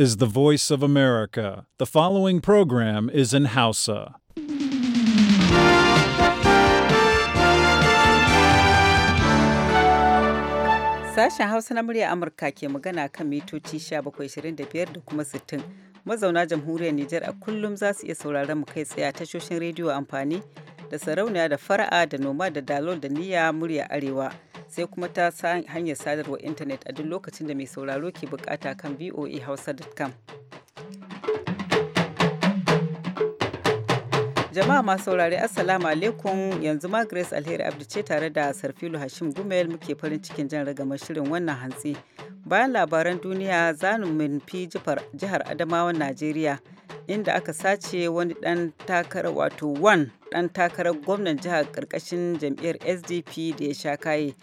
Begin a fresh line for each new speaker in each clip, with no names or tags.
is the voice of America. The following program is in Hausa.
Sashen Hausa na murya Amurka ke magana kan mitoci 1725 da kuma 60. Mazauna jamhuriyar Nijar a kullum za su iya sauraron mu kai tsaye a tashoshin rediyo amfani da sarauniya da fara'a da noma da dalol da niyya murya arewa. sai kuma ta hanyar sadarwar intanet a duk lokacin da mai sauraro ke bukata kan voahausa.com. jama'a masu saurari assalamu alaikum yanzu ma grace alheri abdu ce tare da sarfilu hashim gumel muke farin cikin jan ragamar shirin wannan hantsi bayan labaran duniya zanin fi jihar adamawan najeriya inda aka sace wani dan takara wato one ɗan takarar gwamnan jihar ƙarƙashin jam'iyyar SDP da ya sha kaye.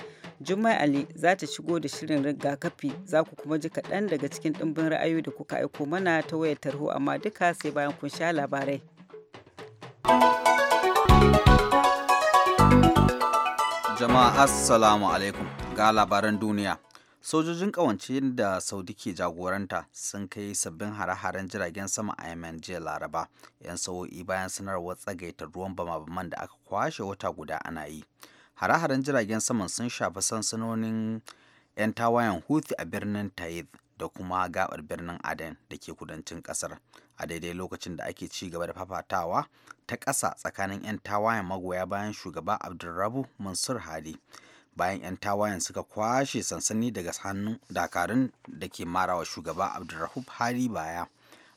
Jummai Ali za ta shigo da shirin rigakafi za ku kuma ji kaɗan daga cikin ɗimbin ra'ayoyi da kuka aiko mana ta wayar tarho amma duka sai bayan kun sha labarai.
Jama'a Assalamu alaikum ga labaran duniya. sojojin ƙawance da saudi ke jagoranta sun kai sabbin hare-haren jiragen sama a yemen jiya laraba 'yan sa'o'i bayan sanarwar tsagaita ruwan bama-baman da aka kwashe wata guda ana yi hare-haren jiragen saman sun shafi sansanonin 'yan tawayen huti a birnin taif da kuma gabar birnin aden da ke kudancin kasar a daidai lokacin da ake ci gaba da fafatawa ta ƙasa tsakanin 'yan tawayen magoya bayan shugaba abdulrabu mansur hadi bayan 'yan tawayen suka kwashe sansani daga hannun dakarun da ke marawa shugaba abdulrahub hari baya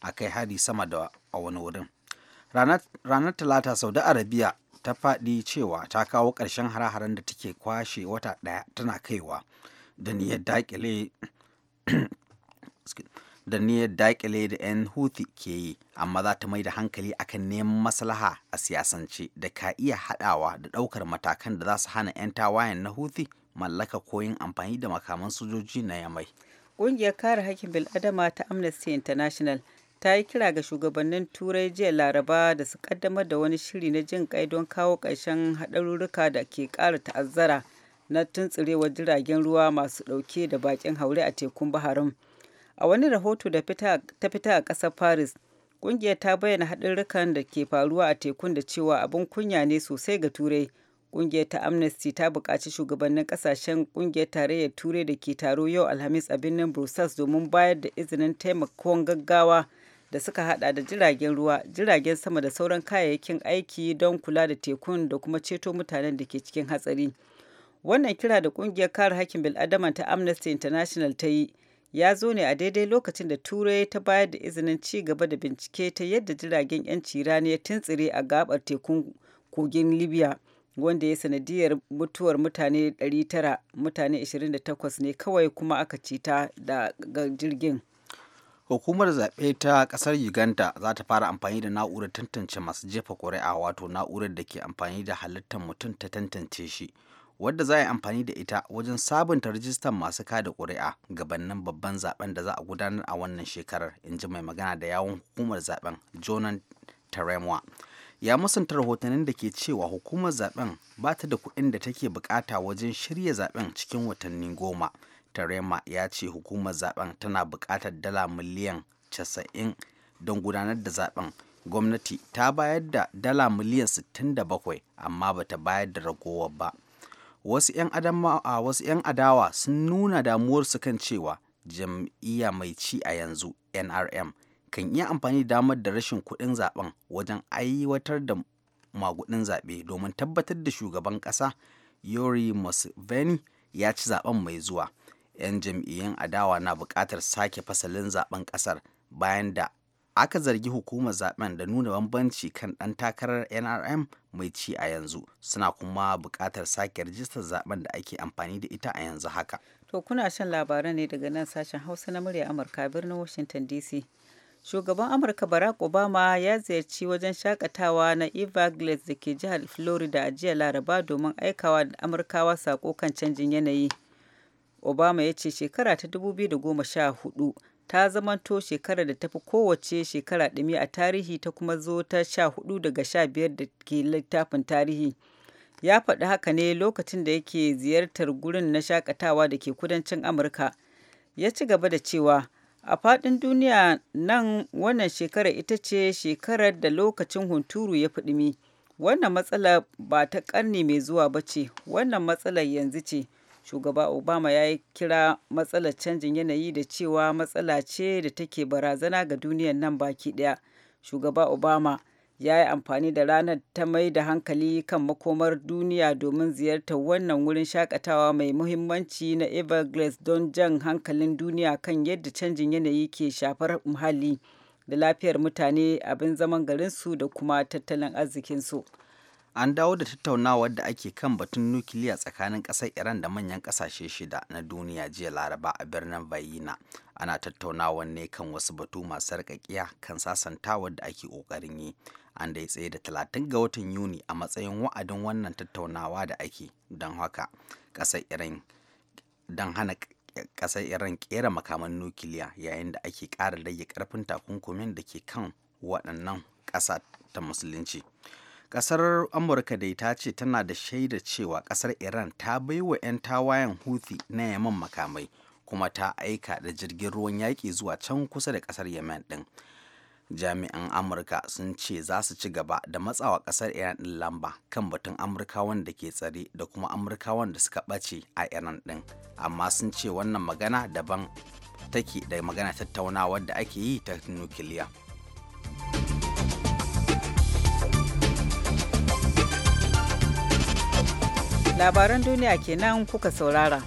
a kai hari sama da a wani wurin ranar talata saudi arabiya ta faɗi cewa ta kawo ƙarshen hare-haren da take kwashe wata ɗaya tana kaiwa da niyyar daƙile da niyyar dakile da 'yan huthi ke yi amma za ta mai da hankali akan neman maslaha a siyasance da ka iya haɗawa da ɗaukar matakan da za su hana 'yan tawayen na huthi mallaka yin amfani da makaman sojoji na yamai
ƙungiyar kare haƙƙin bil'adama ta amnesty international ta yi kira ga shugabannin turai jiya laraba da su kaddamar da wani shiri na jin ƙai don kawo ƙarshen haɗarurruka da ke ƙara ta'azzara na tuntsirewar jiragen ruwa masu ɗauke da bakin haure a tekun baharin a wani rahoto da ta fita a ƙasar paris ƙungiyar ta bayyana haɗurrukan da ke faruwa a tekun da cewa abin kunya ne sosai ga turai ƙungiyar ta amnesty ta buƙaci shugabannin ƙasashen ƙungiyar tarayyar turai da ke taro yau alhamis a birnin brussels domin bayar da izinin taimakon gaggawa da suka hada da jiragen ruwa jiragen sama da sauran kayayyakin aiki don kula da tekun da kuma ceto mutanen da ke cikin hatsari wannan kira da kungiyar kare hakkin bil'adama ta amnesty international ta yi ya zo ne a daidai lokacin da turai ta bayar da izinin ci gaba da bincike ta yadda jiragen 'yanci rani ya tuntsire a gabar tekun kogin libya wanda ya sanadiyar mutuwar mutane 900 mutane 28 ne kawai kuma aka cita da jirgin
hukumar zaɓe ta ƙasar uganda za ta fara amfani da na'urar tantance masu jefa ƙuri'a wato na'urar da ke amfani da halittar mutum ta tantance shi wadda za a yi amfani da ita wajen sabunta rijistan masu kada ƙuri'a gabanin babban zaben da za a gudanar a wannan shekarar in ji mai magana da yawon hukumar zaben jonan taremwa ya musanta rahotannin da ke cewa hukumar zaben ba ta da kuɗin da take bukata wajen shirya zaben cikin watanni goma tarema ya ce hukumar zaben tana bukatar dala miliyan 90 don gudanar da zaben gwamnati ta bayar da dala miliyan 67 amma ba ta bayar da ragowar ba. wasu 'yan adawa sun nuna damuwar su kan cewa jam'iyya mai ci a yanzu nrm kan iya amfani damar da rashin kuɗin zaben wajen aiwatar da magudin zaɓe domin tabbatar da shugaban ƙasa yori museveni ya ci zaben mai zuwa 'yan jam'iyyun adawa na buƙatar sake fasalin zaben ƙasar bayan da aka zargi hukumar zaben da nuna bambanci kan ɗan takarar nrm mai ci a yanzu suna kuma buƙatar sake rijistar zaben da ake amfani da ita a yanzu haka
to kuna shan labaran ne daga nan sashen hausa na murya amurka birnin washington dc shugaban amurka barack obama ya ziyarci wajen shakatawa na everglades da ke jihar florida a jiya laraba domin aikawa da amurkawa sako kan canjin yanayi obama ya ce shekara ta 2014 ta zamanto shekarar da tafi kowace shekara ɗumi a tarihi ta kuma zo ta sha hudu daga sha biyar da ke littafin tarihi ya faɗi haka ne lokacin da yake ziyartar gurin na shakatawa da ke kudancin amurka ya ci gaba da cewa a faɗin duniya nan wannan shekarar ita ce shekarar da lokacin hunturu ya fi ɗumi wannan matsalar ba ta ƙarni mai zuwa ba ce wannan matsalar yanzu ce shugaba obama ya yi kira matsalar canjin yanayi da cewa matsala ce da take barazana ga duniyar nan baki ɗaya shugaba obama ya yi amfani da ranar ta mai da hankali kan makomar duniya domin ziyartar wannan wurin shakatawa mai muhimmanci na everglades don jan hankalin duniya kan yadda canjin yanayi ke shafar muhalli da lafiyar mutane abin zaman garinsu da kuma tattalin arzikinsu.
an dawo da tattaunawa da ake kan batun nukiliya tsakanin ƙasar iran da manyan ƙasashe shida na duniya jiya laraba a birnin bayina ana tattaunawa ne kan wasu batu masu sarƙaƙiya kan sasantawar da ake ƙoƙarin yi an da tsaye da 30 ga watan yuni a matsayin wa'adin wannan tattaunawa da ake don haka ƙasar iran don hana ƙasar iran kera makaman nukiliya yayin da ake ƙara rage ƙarfin takunkumin da ke kan waɗannan ƙasa ta musulunci kasar amurka dai ta ce tana da shaida cewa kasar iran ta bai wa 'yan tawayen houthi na yaman makamai kuma ta aika da jirgin ruwan yaƙi zuwa can kusa da kasar yemen ɗin jami'an amurka sun ce za su ci gaba da matsawa kasar iran din lamba kan batun amurkawan da ke tsare da kuma amurkawan da suka ɓace a iran ɗin amma sun ce wannan magana daban take da magana tattaunawa da ake yi ta nukiliya.
labaran duniya kenan kuka saurara.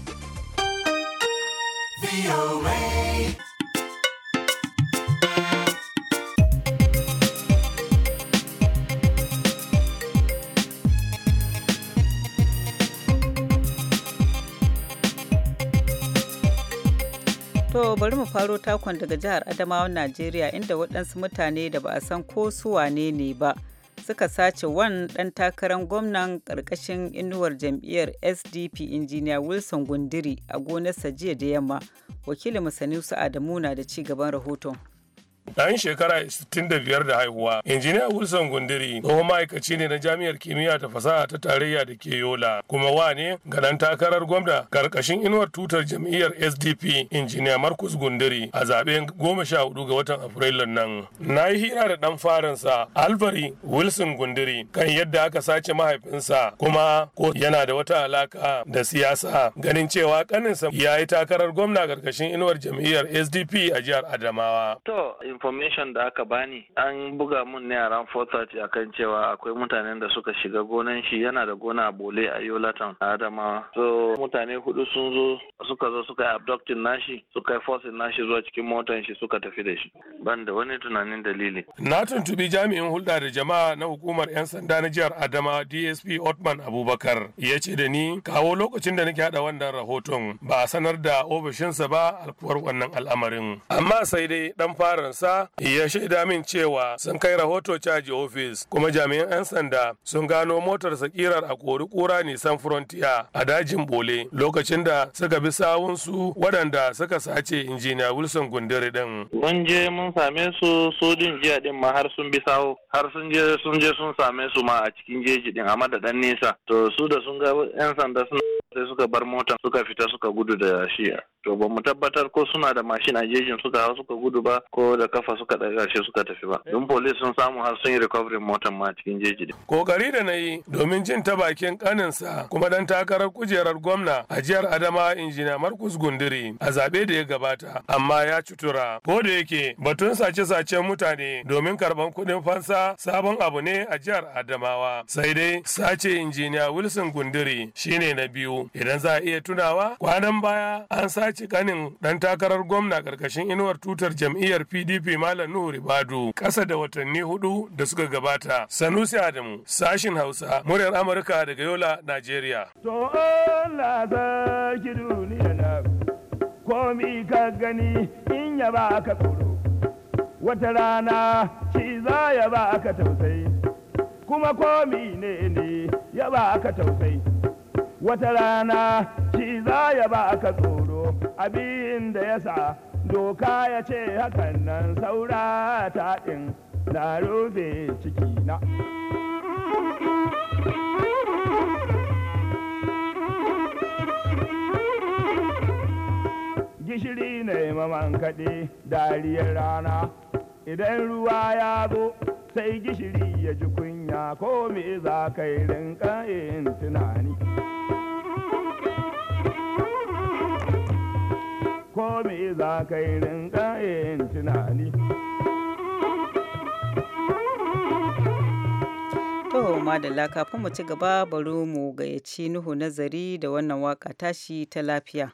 To bari mu faro takon daga jihar adamawan Najeriya inda waɗansu mutane da ba a san ko su wane ne ba. suka sace wan ɗan takarar gwamnan ƙarƙashin inuwar jam'iyyar SDP injiniya Wilson Gundiri a gonarsa jiya da yamma. Wakilin su Adamu na da ci gaban rahoton.
ɗan shekara 65 da haihuwa. Injiniya Wilson Gundiri tsohon ma'aikaci ne na Jami'ar Kimiyya ta Fasaha ta Tarayya da ke Yola kuma wa ne ga ɗan takarar gwamna ƙarƙashin inuwar tutar jam'iyyar SDP Injiniya Markus Gundiri a zaɓen goma sha hudu ga watan Afrilun nan. Na yi hira da ɗan farinsa Alvary Wilson Gundiri kan yadda aka sace mahaifinsa kuma ko yana da wata alaka da siyasa ganin cewa ƙaninsa ya yi takarar gwamna ƙarƙashin inuwar jam'iyyar SDP a jihar Adamawa. information da aka bani
an buga mun ne a 430 akan cewa akwai mutanen da suka shiga gonan shi yana da gona a bole a yola town a adamawa so mutane hudu sun zo suka zo suka yi abducting nashi suka yi forcing nashi zuwa cikin motan shi suka tafi da shi ban da wani tunanin dalili
na tuntubi jami'in hulɗa da jama'a na hukumar 'yan sanda na jihar adama dsp otman abubakar ya ce da ni kawo lokacin da nake haɗa wannan rahoton ba a sanar da ofishinsa ba alkuwar wannan al'amarin amma sai dai dan faransa Musa ya shaida min cewa sun kai rahoto caji ofis kuma jami'an 'yan sanda sun gano motar sakirar a kori kura nisan frontier a dajin Bole lokacin da suka bi sawunsu waɗanda suka sace injiniya Wilson Gundiri din. Mun je mun same su su din jiya din ma har sun bi sawo har sun je sun je sun same su ma a cikin jeji din a madadan nesa to
su da sun ga 'yan sanda suna sai suka bar motar suka fita suka gudu da shi to ba mu tabbatar ko suna da mashin a jejin suka hau suka gudu ba ko da kafa suka daga ƙarshe suka tafi ba don
police sun samu har sun yi recovery motar ma cikin jeji
kokari da na yi domin jin ta bakin kaninsa kuma dan takarar kujerar gwamna a jihar adama injiniya markus gundiri a zabe da ya gabata amma ya cutura ko da yake batun sace-sacen mutane domin karban kuɗin fansa sabon abu ne a jihar adamawa sai dai sace injiniya wilson gundiri shine na biyu idan za a iya tunawa kwanan baya an sace kanin dan takarar gwamna karkashin inuwar tutar jam'iyyar pdp rufe Malam Nuhu Ribadu ƙasa da watanni hudu da suka gabata. Sanusi Adamu, sashin Hausa, muryar Amurka daga Yola, Najeriya.
To Allah ki duniya na komi ka gani in ya ba ka tsoro. Wata rana shi za ya ba ka tausayi, kuma komi ne ne ya ba ka tausayi. Wata rana shi za ya ba ka tsoro abin da ya sa doka ya ce hakan nan saura ta taɗin na rufe ciki na gishiri ne maman kaɗe dariyar rana idan ruwa ya zo sai gishiri ya ji kunya ko me za ka yi rinka yin tunani
ko me za
ka yi rinka yin tunani.
da madalla kafin mu ci gaba bari mu gayyaci Nuhu nazari da wannan waka tashi ta lafiya.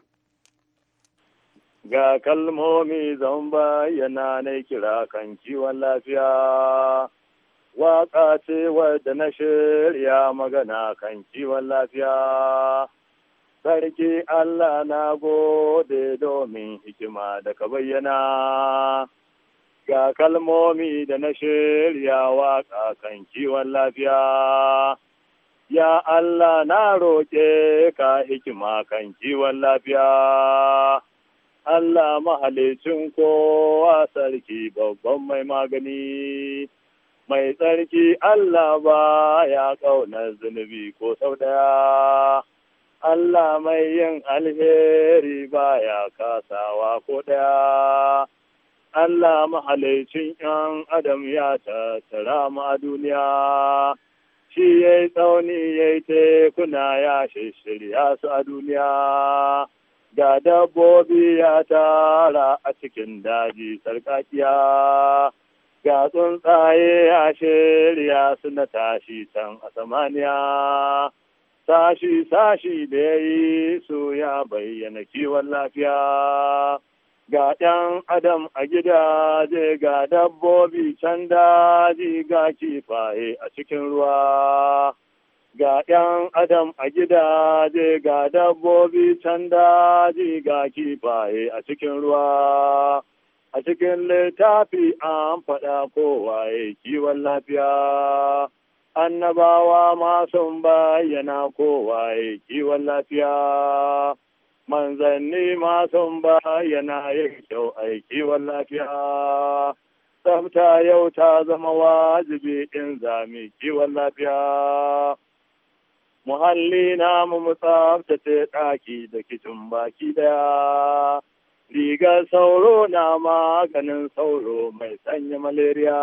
Ga kalmomi zan bayyana na kira kan kiwon lafiya. waƙa ce wadda na shirya magana kan kiwon lafiya. Sarki Allah na gode domin hikima da ka bayyana, ga kalmomi da na shirya waƙa kan kiwon lafiya. Ya Allah na roƙe ka hikima kan kiwon lafiya. Allah mahalicin kowa sarki babban mai magani. Mai tsarki Allah ba ya ƙaunar zunubi ko sau ɗaya. Allah mai yin alheri baya kasawa ko ɗaya. Allah mahalicin ‘yan Adam ya tattara mu a duniya, shi ya yi tsauni ya yi tekuna ya shirya su a duniya, ga dabbobi ya tara a cikin daji sarƙaƙiya, ga tsuntsaye ya shirya su na tashi can a samaniya. sashi sashi da ya yi su ya bayyana kiwon lafiya ga ɗan adam a gida zai ga dabbobi can daji ga kifaye a cikin ruwa ga ɗan adam a gida zai ga dabbobi can daji ga kifaye a cikin ruwa a cikin littafi an faɗa kowaye kiwon lafiya annabawa ma sun bayyana kowa ya kiwon lafiya manzanni ma sun bayyana ya kyau a kiwon lafiya tsafta yau ta zama wajibi in zami kiwon lafiya muhalli na mu tsaftace ɗaki da kicin baki daya rigar sauro na maganin sauro mai sanya malaria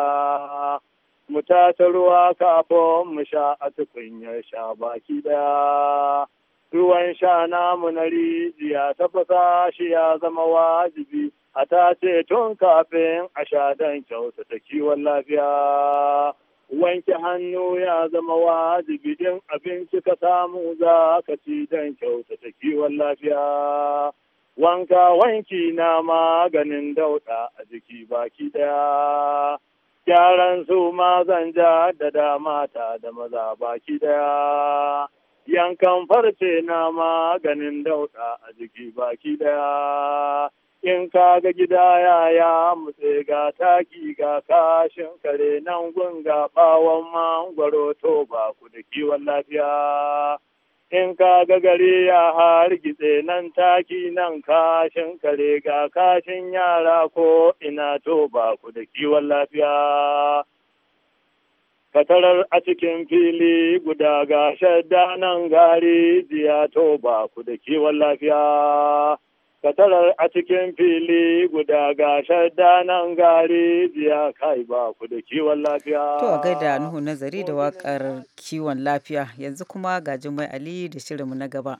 mu ta ruwa kafin mu sha a tukunyar sha baki daya Ruwan sha namu na rijiya tafasa shi ya zama wajibi a tace tun kafin a sha don ta kiwon lafiya. Wanke hannu ya zama wajibi din abinci ka samu za ka ci don ta kiwon lafiya. Wanka wanki na maganin dauɗa a jiki baki daya Gyaran su ma zan ja da dama ta da maza baki daya. Yankan farce na maganin dauɗa a jiki baki daya. In ka ga gida yaya mutse ga taki ga kashin kare nan gunga ɓawon mangwaro to ba ku da kiwon lafiya. in ka ga gari ya hargitse nan taki nan kashin kare ga kashin yara ko ina to ba ku da kiwon lafiya. Katarar a cikin fili guda ga shadda nan gari jiya to ba ku da kiwon lafiya. katarar a cikin fili guda ga danan gari jiya kai ba ku da kiwon
lafiya. To a gaida Nuhu nazari da wakar kiwon lafiya yanzu kuma ga mai Ali da shirinmu na gaba.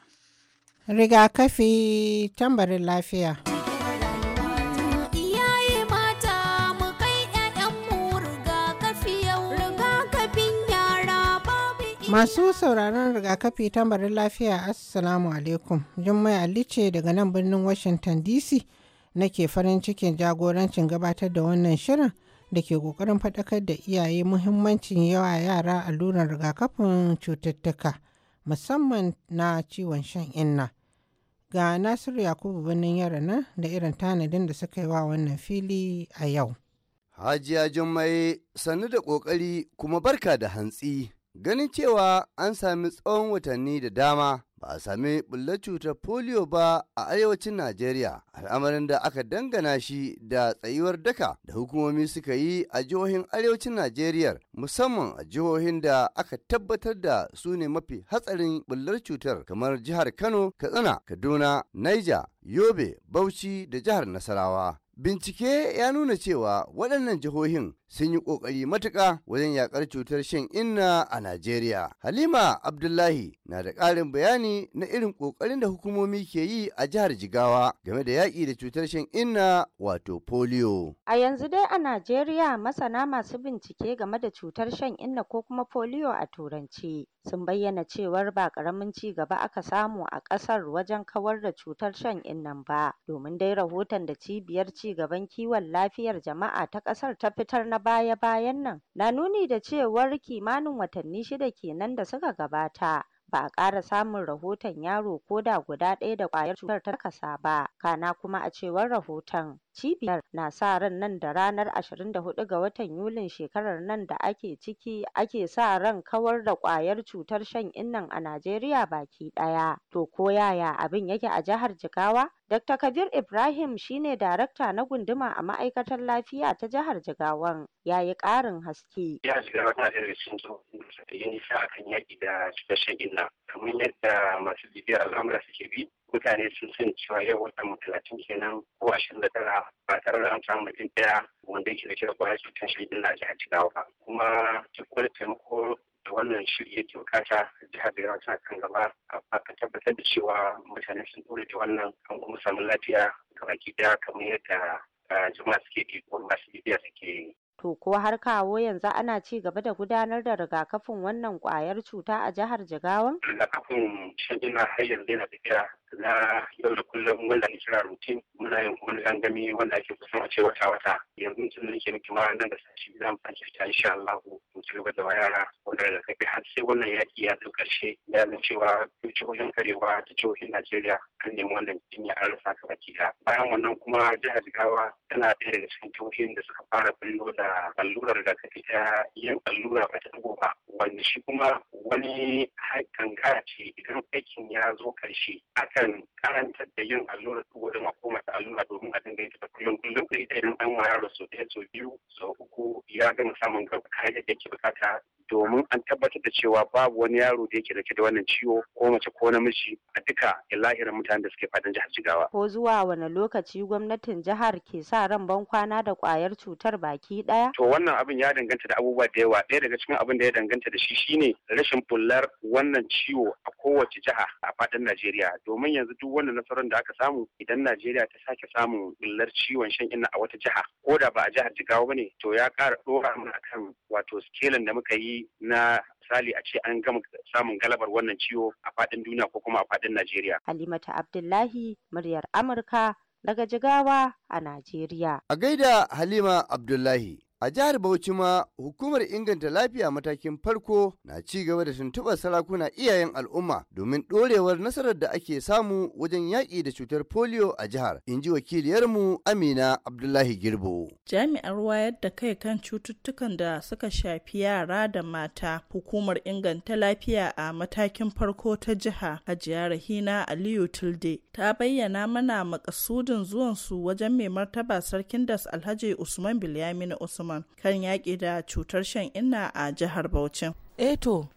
Rigakafi tambarin lafiya. Masu sauraron rigakafi ta tambarin lafiya Assalamu alaikum. Jummai Ali ce daga nan birnin Washington DC nake farin cikin jagorancin gabatar da wannan shirin da ke kokarin faɗakar da iyaye muhimmancin yawa yara alluran rigakafin cututtuka musamman na ciwon shan inna. Ga Nasiru Yakubu birnin yara nan da irin tanadin da suka yi wa wannan fili a yau.
Hajiya Jummai sannu da ƙoƙari kuma barka da hantsi. Ganin cewa an sami tsawon watanni da dama ba a sami bullar cutar polio ba a arewacin Najeriya, al'amarin da aka dangana shi da tsayuwar daka da hukumomi suka yi a jihohin arewacin Najeriya musamman a jihohin da aka tabbatar da su ne mafi hatsarin bullar cutar kamar jihar Kano, Katsina, Kaduna, Niger, Yobe, Bauchi da jihar Nasarawa. Bincike ya nuna cewa waɗannan jihohin sun yi ƙoƙari matuƙa wajen yaƙar cutar shan inna a Najeriya. Halima Abdullahi na da ƙarin bayani na irin ƙoƙarin da hukumomi ke yi a jihar Jigawa game da yaƙi da cutar shan inna wato polio.
A yanzu dai a Najeriya masana masu bincike game da cutar shan inna ko kuma polio a Turanci sun bayyana cewar ba ƙaramin ci gaba aka samu a ƙasar wajen kawar da cutar shan innan ba domin dai rahoton da cibiyar ci gaban kiwon lafiyar jama'a ta ƙasar ta fitar na na baya-bayan nan na nuni da cewar kimanin watanni shida kenan da suka gabata. ba a ƙara samun rahoton yaro ko da guda ɗaya da ƙwayar cutar ta kasa ba kana kuma a cewar rahoton Cibiyar na sa ran nan da ranar 24 ga watan Yulin shekarar nan da ake ciki ake sa ran kawar da kwayar cutar shan innan a Najeriya baki ɗaya. To ko yaya abin yake a jihar Jigawa? Dr. Kabir Ibrahim shine darakta na gunduma a ma'aikatar lafiya ta jihar Jigawan Yayi yi ƙarin haske.
Ya Jigawa tana da cikin da suka akan da cutar shan inna kamar yadda masu bibiyar al'amura suke bi mutane sun san cewa yau watan mu talatin kenan ko ashirin da tara ba tare da an samu mutum ɗaya wanda yake da kira kwayar cutar shaidin na jihar Jigawa ba. Kuma wani taimako da wannan shiri yake bukata jihar da yawa tana kan gaba a ka tabbatar da cewa mutane sun dole da wannan an kuma samu lafiya ga baki ɗaya kamar yadda ah, jama'a suke ko masu bibiya suke
To ko har kawo yanzu ana ci gaba da gudanar da rigakafin wannan kwayar cuta a jihar Jigawan?
Rigakafin shan ina har yanzu yana tafiya na yau da kullum wanda ake kira rutin muna yin wani gangami wanda ake kusan a ce wata wata yanzu mutum da nake miki ma nan da sashi zan fara fita insha Allah mu ci gaba da yara wanda da kafi sai wannan yaki ya zo karshe da na cewa jihohin karewa ta jihohin najeriya an nemi wannan jinya an rasa ka baki da bayan wannan kuma jihar jigawa tana ɗaya daga cikin jihohin da suka fara bullo da allurar da ka fita yin allura ba ta ɗago ba wanda shi kuma wani kankara ce idan aikin ya zo karshe akan karanta da yin allura ɗago da koma ta allura domin a dinga ita kullum kullum da ita idan an waya da sau ɗaya sau biyu sau uku ya gama samun gaba kayan da ke bukata domin an tabbatar da cewa babu wani yaro da yake dauke da wannan ciwo ko mace ko namiji a duka lahirin mutanen da suke fadin jihar Jigawa.
Ko zuwa wani lokaci gwamnatin jihar ke sa ran ban kwana da kwayar cutar baki daya?
To wannan abin ya danganta da abubuwa da yawa. Ɗaya daga cikin abin da ya danganta da shi shine rashin bullar wannan ciwo a kowace jiha a fadin Najeriya. Domin yanzu duk wannan nasarar da aka samu idan Najeriya ta sake samun bullar ciwon shan inna a wata jiha ko da ba a jihar Jigawa bane to ya kara dora mana akan wato skelin da muka yi na misali a ce an gama samun galabar wannan ciwo a
faɗin
duniya
ko kuma a faɗin Najeriya.
Halimata Abdullahi, muryar Amurka daga Jigawa a Najeriya.
A gaida Halima Abdullahi. A jihar Bauchi ma hukumar inganta lafiya matakin farko na ci gaba da tuntuɓar sarakuna iyayen al'umma domin ɗorewar nasarar da ake samu wajen yaƙi da cutar polio a jihar, in ji wakiliyarmu Amina Abdullahi Girbo.
Jami'ar wayar da kai kan cututtukan da suka shafi yara da mata, hukumar inganta lafiya a matakin farko ta jiha Hajiya Rahina Aliyu Tilde ta bayyana mana makasudin zuwansu wajen mai martaba sarkin das Alhaji Usman bilyamina Usman. Usman kan yaƙi da cutar shan inna a jihar Bauchi.
Eto, eh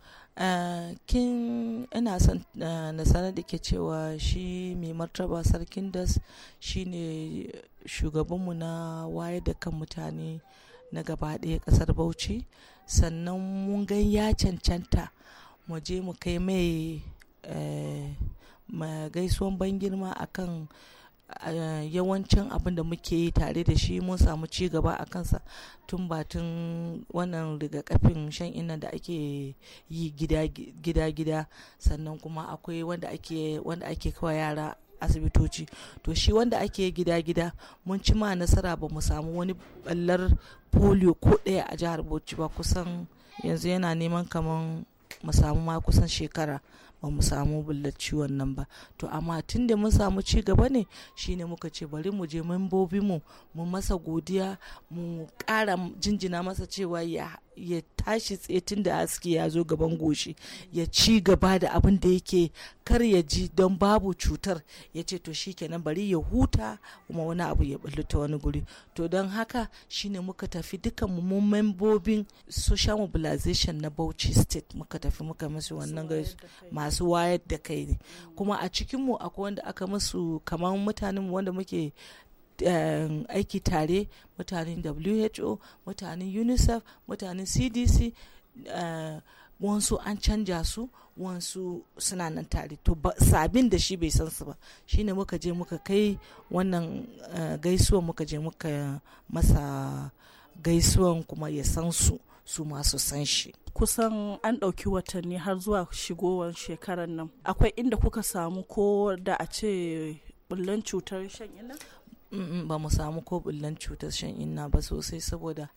Uh, kin ina son uh, na sanar da ke cewa shi mai martaba sarkin das ne shugabanmu na waye da kan mutane na gaba ɗaya ƙasar bauchi sannan mun gan ya cancanta mu je mu kai mai eh, gaisuwan ban girma akan yawancin abin da muke yi tare da shi mun samu ci gaba a kansa tun batun wannan rigakafin shan inna da ake yi gida-gida sannan kuma akwai wanda ake wanda ake kawai yara asibitoci to shi wanda ake gida-gida mun ci ma nasara ba mu samu wani ballar polio ko ɗaya a jihar bauchi ba kusan yanzu yana neman kaman mu samu ma kusan shekara ba mu samu bullet ciwon nan ba to amma tun da mun samu ci gaba ne shine muka ce bari mu je mambobi mu mu masa godiya mu ƙara jinjina masa cewa ya ya tashi tsetin da haske ya zo gaban goshi ya ci gaba da abin da yake kar ya ji don babu cutar ya ce to shi kenan bari ya huta kuma wani abu ya bulli ta wani guri to don haka shine muka tafi duka mu membobin social mobilization na Bauchi state muka tafi muka musu wannan masu wayar da kai ne kuma a cikin mu akwai wanda aka masu kamar mutanen wanda muke Um, aiki tare mutanen who mutanen unicef mutanen cdc uh, wansu an canja su wansu suna nan tare to sabin da shi bai san su ba shine muka je muka kai wannan uh, gaisuwan muka je muka masa gaisuwan kuma ya san su su masu san shi
kusan an ɗauki watanni har zuwa shigowar shekarar nan akwai inda kuka samu ko da a ce bullan cutar shan ina
ba mu samu ko bullan cutar shan inna ba sosai saboda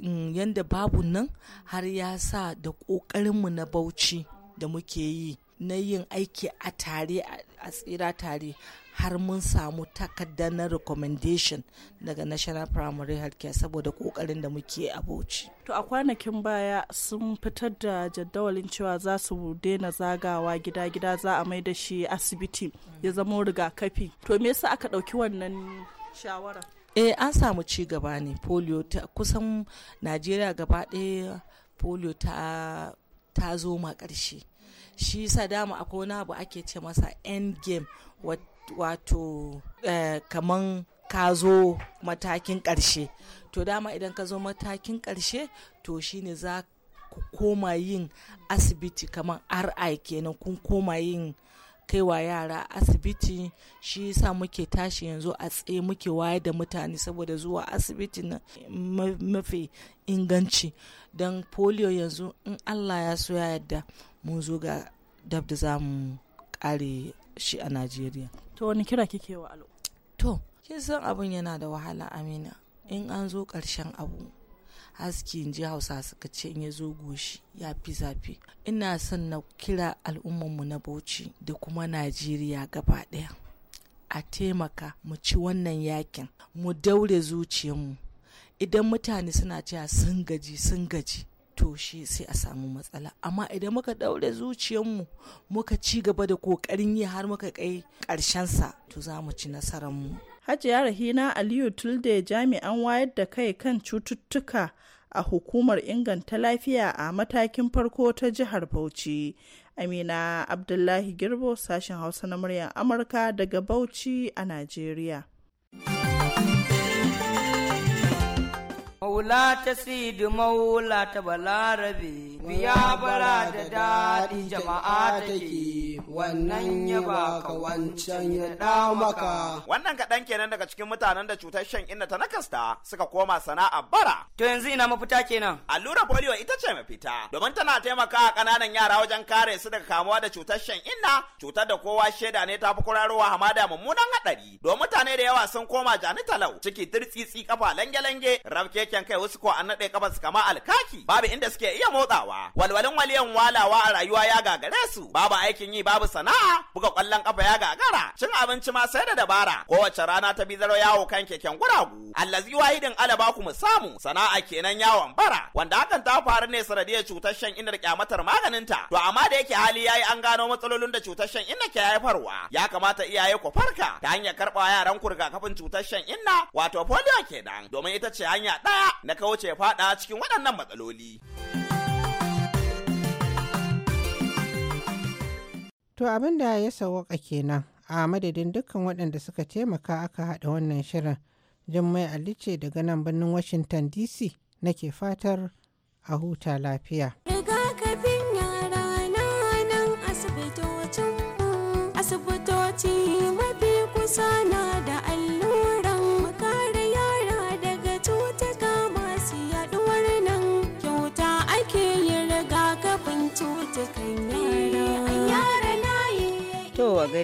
mm, yadda babu nan har ya sa da ƙoƙarinmu na bauchi da muke yi na yin aiki a tare a tsira tare har mun samu takarda na recommendation daga national primary health care saboda kokarin da muke a bauchi
to a kwanakin baya sun fitar da jadawalin cewa za su daina zagawa gida-gida za a mai da shi asibiti ya zama rigakafi to me yasa aka ɗauki wannan shawara
eh an samu ci gaba ne polio ta kusan najeriya gaba ɗaya polio ta ta zo ma ƙarshe shi yasa dama akwai wani abu ake ce masa end game wato eh, kaman ka zo matakin ƙarshe to dama idan ka zo matakin ƙarshe to shine za ku koma yin asibiti kaman ri kenan kun koma yin kaiwa yara asibiti shi yasa muke tashi yanzu a tsaye muke wayar da mutane saboda zuwa asibiti na mafi inganci don polio yanzu in allah ya so ya yadda mun zo ga dab da za mu kare shi a najeriya to wani kira kike wa to kin san abin yana da wahala amina in an zo karshen abu haske in ji hausa suka ce in ya zo goshi ya fi zafi ina son na kira al'ummarmu na bauchi da kuma najeriya gaba ɗaya a taimaka mu ci wannan yakin mu daure zuciyarmu idan mutane suna cewa sun gaji sun gaji to shi sai a samu matsala amma idan muka daure zuciyarmu muka ci gaba da kokarin yi har muka kai sa to za mu ci nasararmu
Hajiya Rahina Aliyu Tulde jami'an wayar da kai kan cututtuka a hukumar inganta lafiya a matakin farko ta jihar Bauchi. Amina Abdullahi Girbo sashen Hausa na muryar Amurka daga Bauchi a Najeriya.
Maula ta sidi maula ta balarabe,
biya bara da daɗi jama'a
take.
wannan ya baka wancan ya ɗa maka.
Wannan kaɗan kenan daga cikin mutanen
da cutar shan inna ta nakasta suka koma sana'a bara. To yanzu ina mafita kenan. Allura polio ita ce mafita domin tana taimaka a ƙananan yara wajen kare su daga kamuwa da cutar shan inna cutar da kowa shaida ne ta fi kurarowa hamada mummunan haɗari. Don mutane da yawa sun koma jani talau ciki dirtsitsi kafa lange-lange rafkeken kai wasu ko an naɗe kafa su kama alkaki babu inda suke iya motsawa walwalin waliyan walawa a rayuwa ya gagare su babu aikin yi babu babu sana'a buga kwallon kafa ya gagara cin abinci ma sai da dabara kowace rana ta bizaro yawo kan keken guragu allazi wahidin alaba ku musamu samu sana'a kenan yawon bara wanda hakan ta faru ne sanadiyar cutar shan inar kyamatar maganinta to amma da yake hali yayi an gano matsalolin da cutar shan inna ke haifarwa ya kamata iyaye ku farka ta hanyar karba yaran ku rigakafin cutar shan inna wato polio kenan domin ita ce hanya daya na kauce fada cikin waɗannan matsaloli.
To abin da ya sawaka kenan a madadin dukkan waɗanda suka taimaka aka haɗa wannan shirin. Jummai Ali ce daga nan birnin Washington DC nake fatar a huta lafiya.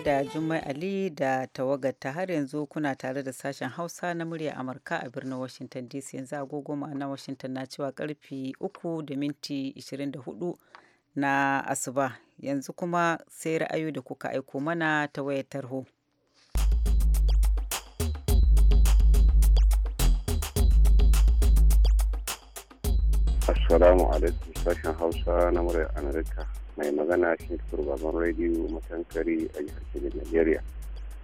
da Jummai Ali da tawagarta har yanzu kuna tare da sashen Hausa na murya Amurka a birnin Washington DC yanzu agogo ma'ana Washington na cewa karfi 3 da minti 24 na asuba yanzu kuma sai ra'ayu da kuka aiko mana ta wayar tarho.
Assalamu alaikum sashen Hausa na murya Amurka. mai magana shi baban rediyo matankari a jihar Kebbi Najeriya.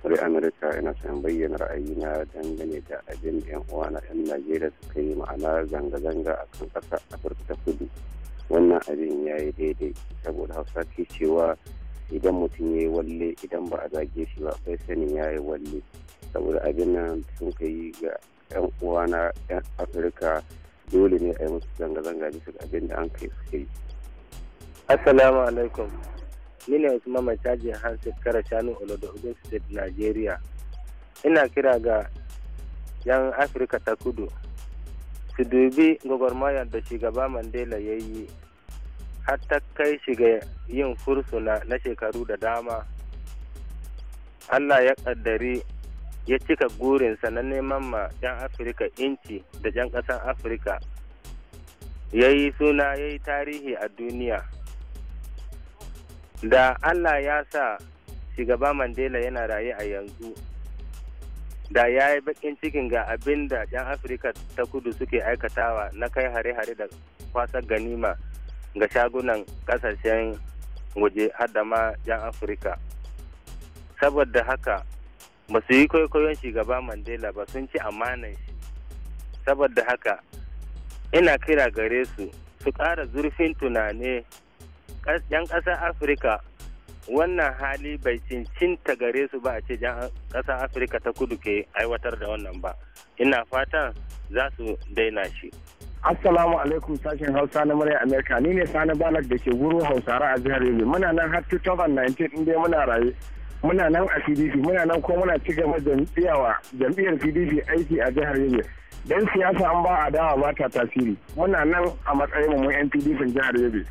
Wani Amurka yana son bayyana ra'ayina dangane da abin da 'yan uwa na 'yan Najeriya suka yi ma'ana zanga-zanga a kan kasa Afirka ta kudu. Wannan abin ya yi daidai saboda Hausa ke cewa idan mutum ya yi walle idan ba a zage shi ba sai sanin ya yi walle saboda abin nan sun ka yi ga 'yan uwa na 'yan Afirka dole ne a yi musu zanga-zanga bisa ga abin da an kai suka yi.
Assalamu alaikum. Ni ne Usman mai caji Hansi Kara Shanu Olodo Ogun State, Nigeria. Ina kira ga 'yan Afirka ta kudu su dubi gwagwarmayar da shugaba Mandela ya yi har ta kai shiga yin fursuna na shekaru da dama. Allah ya kaddari ya cika gurinsa na neman ma 'yan Afirka inci da 'yan ƙasar Afirka. Ya yi suna ya yi tarihi a duniya. da allah ya sa shugaba mandela yana raye a yanzu da ya yi bakin cikin ga abin da 'yan afirka ta kudu suke aikatawa na kai hare-hare da kwasar ganima ga shagunan kasashen waje har ma 'yan afirka saboda haka ba su yi kwaikwayon shugaba mandela ba sun ci amanan shi saboda haka ina kira gare su su ƙara zurfin tunani 'yan ƙasar afirka wannan hali bai cincinta gare su ba a ce ƙasar afirka ta kudu ke aiwatar da wannan ba ina fatan za su daina shi assalamu alaikum sashen hausa
na murya amerika ni ne sani balak da ke guru hausare a jihar yobe muna nan har 2019 inda muna raye muna nan a pdp muna nan ko muna ci gaba jam'iyyawa jam'iyyar pdp aiki a jihar yobe dan siyasa an ba a dawa ba ta tasiri muna nan a matsayin mu yan pdp jihar yobe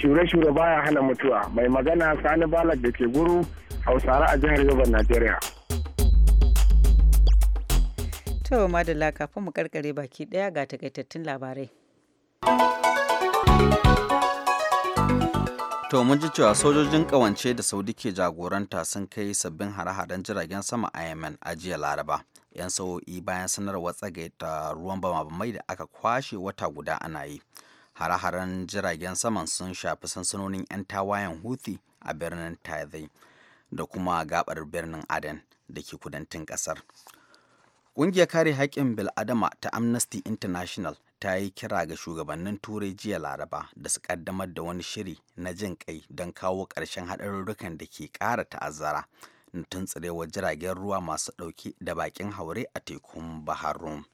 shure-shure baya hana mutuwa mai magana sani balak da ke guru hausare a jihar yoban najeriya
to da kafin mu karkare baki daya ga takaitattun labarai
to mun ji cewa sojojin kawance da saudi ke jagoranta sun kai sabbin hare-haren jiragen sama a yemen a jiya laraba yan sa'o'i bayan sanarwa tsagaita ruwan bama mai da aka kwashe wata guda ana yi hare-haren jiragen saman sun shafi sansanonin 'yan tawayen huthi a birnin taizai da kuma gabar birnin aden da ke kudantin kasar ƙungiyar kare haƙƙin bil'adama ta amnesty international ta yi kira ga shugabannin turai jiya laraba da su kaddamar da wani shiri na jin kai don kawo ƙarshen haɗarurrukan da ke ƙara ta'azzara na tuntsirewar jiragen ruwa masu ɗauke da baƙin haure a tekun bahar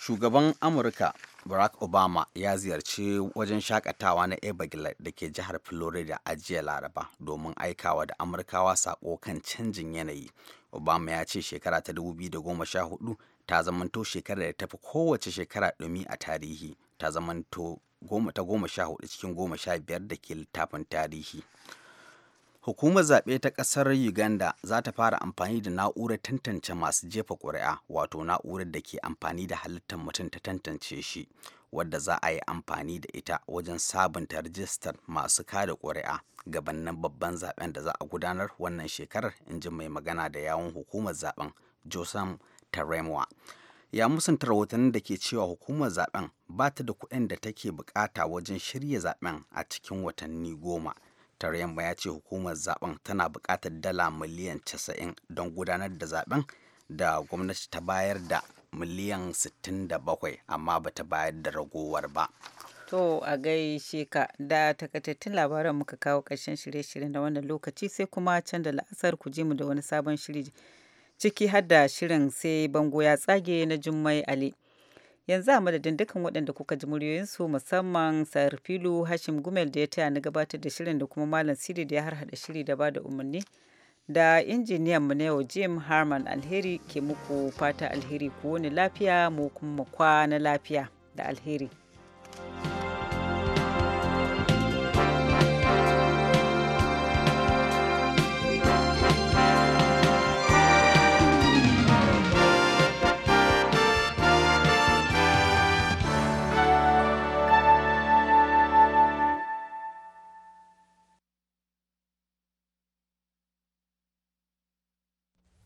shugaban amurka barack obama ya ziyarci wajen shakatawa na ebagila da ke jihar florida a jiya laraba domin aikawa da amurkawa sako kan canjin yanayi obama ya ce shekara ta 2014 ta zamanto shekara da tafi kowace shekara ɗumi a tarihi ta zamanto ta goma sha hudu cikin goma sha biyar da ke littafin tarihi Hukumar zaɓe ta ƙasar Uganda za ta fara amfani da na'urar tantance masu jefa ƙuri'a wato na'urar da ke amfani da halittar mutum ta tantance shi wadda za a yi amfani da ita wajen sabunta rajistar masu kada ƙuri'a gabanin babban zaɓen da za a gudanar wannan shekarar in ji mai magana da yawon hukumar zaɓen josan taremwa ya musanta rahotannin da ke cewa hukumar zaɓen ba ta da kuɗin da take bukata wajen shirya zaɓen a cikin watanni goma Tarayyan ya ce hukumar zaben tana buƙatar dala miliyan 90 don gudanar da zaben da gwamnati ta bayar da miliyan 67 amma ba ta bayar da ragowar ba.
To a gaishe ka da takaitattun labaran muka kawo karshen shirye-shiryen da wannan lokaci sai kuma can da la'asar ku ji mu da wani sabon shiri ciki har da shirin sai bango ya tsage na Jummai Ali. yanzu a madadin dukkan waɗanda kuka ji muryoyinsu musamman sayar filu hashim gumel da ya taya na gabatar da shirin da kuma malam siri da ya harhaɗa shiri da ba da umarni da injiniyan mu na yau jim harman alheri ke muku fata alheri ku wani lafiya mu kuma kwana lafiya da alheri.